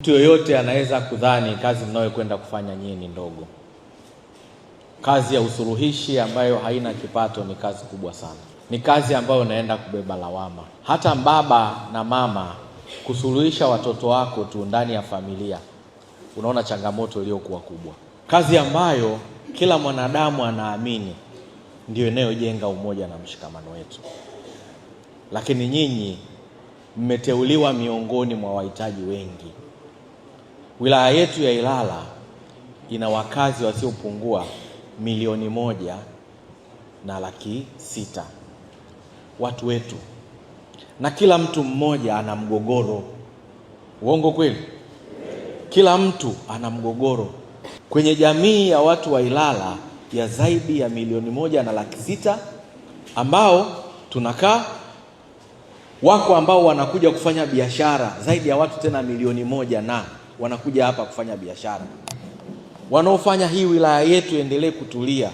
Mtu yoyote anaweza kudhani kazi mnayokwenda kufanya nyinyi ni ndogo. Kazi ya usuluhishi ambayo haina kipato ni kazi kubwa sana, ni kazi ambayo unaenda kubeba lawama. Hata baba na mama kusuluhisha watoto wako tu ndani ya familia, unaona changamoto iliyokuwa kubwa. Kazi ambayo kila mwanadamu anaamini ndio inayojenga umoja na mshikamano wetu, lakini nyinyi mmeteuliwa miongoni mwa wahitaji wengi. Wilaya yetu ya Ilala ina wakazi wasiopungua milioni moja na laki sita watu wetu, na kila mtu mmoja ana mgogoro. Uongo kweli? Kila mtu ana mgogoro kwenye jamii ya watu wa Ilala ya zaidi ya milioni moja na laki sita ambao tunakaa wako, ambao wanakuja kufanya biashara zaidi ya watu tena milioni moja na wanakuja hapa kufanya biashara. Wanaofanya hii wilaya yetu endelee kutulia,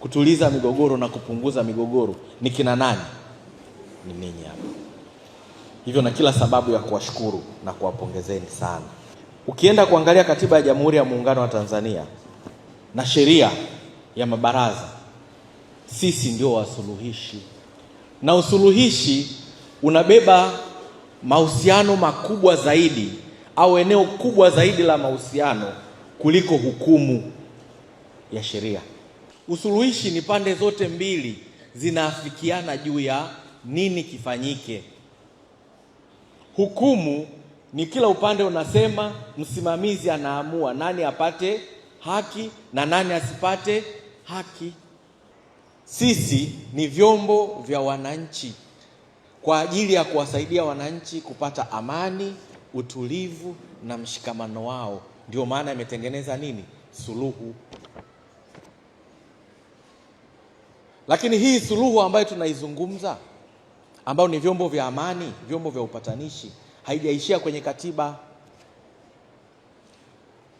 kutuliza migogoro na kupunguza migogoro ni kina nani? Ni ninyi hapa. Hivyo na kila sababu ya kuwashukuru na kuwapongezeni sana. Ukienda kuangalia katiba ya Jamhuri ya Muungano wa Tanzania na sheria ya mabaraza, sisi ndio wasuluhishi, na usuluhishi unabeba mahusiano makubwa zaidi au eneo kubwa zaidi la mahusiano kuliko hukumu ya sheria. Usuluhishi ni pande zote mbili zinaafikiana juu ya nini kifanyike. Hukumu ni kila upande unasema, msimamizi anaamua nani apate haki na nani asipate haki. Sisi ni vyombo vya wananchi kwa ajili ya kuwasaidia wananchi kupata amani utulivu na mshikamano wao. Ndio maana imetengeneza nini? Suluhu. Lakini hii suluhu ambayo tunaizungumza, ambayo ni vyombo vya amani, vyombo vya upatanishi, haijaishia kwenye katiba.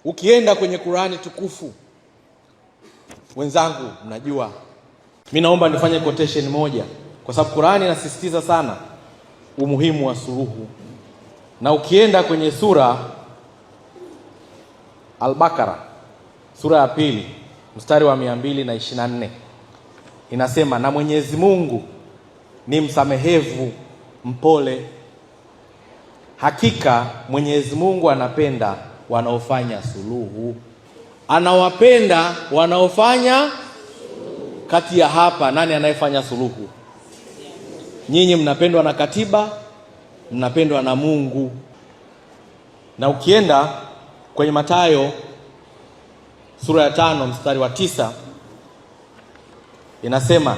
Ukienda kwenye Qurani tukufu, wenzangu, mnajua mi naomba nifanye quotation moja, kwa sababu Qurani inasisitiza sana umuhimu wa suluhu na ukienda kwenye sura al sura ya pili mstari wa mia mbili na inasema, na Mwenyezi Mungu ni msamehevu mpole, hakika Mwenyezi Mungu anapenda wanaofanya suluhu, anawapenda wanaofanya kati ya hapa. Nani anayefanya suluhu? Nyinyi mnapendwa na katiba mnapendwa na Mungu. Na ukienda kwenye Mathayo sura ya tano mstari wa tisa inasema,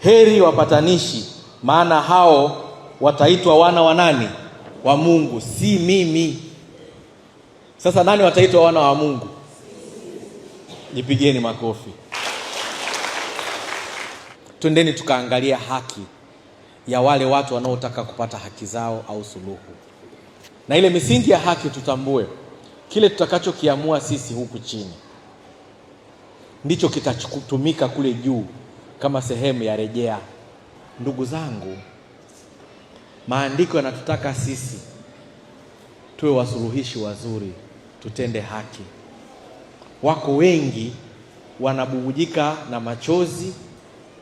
heri wapatanishi, maana hao wataitwa wana wa nani? Wa Mungu. Si mimi. Sasa nani wataitwa wana wa Mungu? Jipigieni makofi. Twendeni tukaangalia haki ya wale watu wanaotaka kupata haki zao au suluhu. Na ile misingi ya haki tutambue, kile tutakachokiamua sisi huku chini ndicho kitatumika kule juu kama sehemu ya rejea. Ndugu zangu, maandiko yanatutaka sisi tuwe wasuluhishi wazuri, tutende haki. Wako wengi wanabubujika na machozi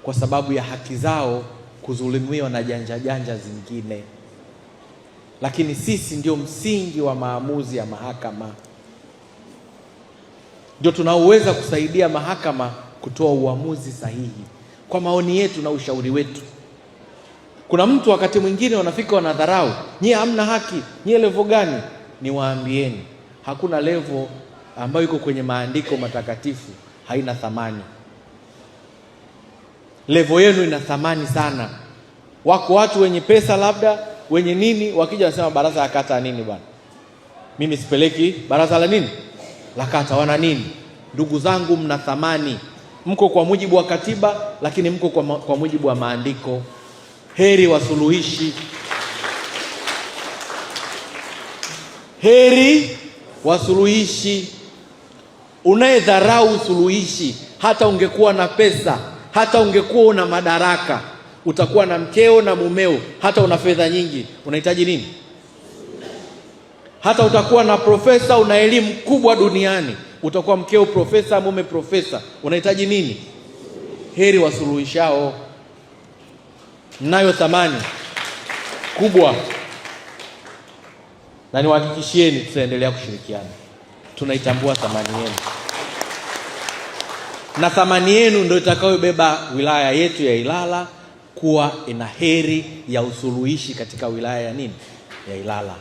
kwa sababu ya haki zao kudhulumiwa na janja janja zingine, lakini sisi ndio msingi wa maamuzi ya mahakama, ndio tunaoweza kusaidia mahakama kutoa uamuzi sahihi kwa maoni yetu na ushauri wetu. Kuna mtu wakati mwingine wanafika wanadharau, nyie hamna haki, nyie levo gani? Niwaambieni, hakuna levo ambayo iko kwenye maandiko matakatifu haina thamani levo yenu ina thamani sana. Wako watu wenye pesa labda wenye nini, wakija wanasema baraza la kata nini bwana, mimi sipeleki baraza la nini la kata, wana nini? Ndugu zangu, mna thamani, mko kwa mujibu wa katiba, lakini mko kwa, kwa mujibu wa maandiko. Heri wasuluhishi, heri wasuluhishi. Unayedharau suluhishi, hata ungekuwa na pesa hata ungekuwa una madaraka, utakuwa na mkeo na mumeo, hata una fedha nyingi, unahitaji nini? Hata utakuwa na profesa, una elimu kubwa duniani, utakuwa mkeo profesa, mume profesa, unahitaji nini? Heri wasuluhishao, mnayo thamani kubwa, na niwahakikishieni tutaendelea kushirikiana, tunaitambua thamani yenu na thamani yenu ndio itakayobeba wilaya yetu ya Ilala kuwa ina heri ya usuluhishi katika wilaya ya nini ya Ilala.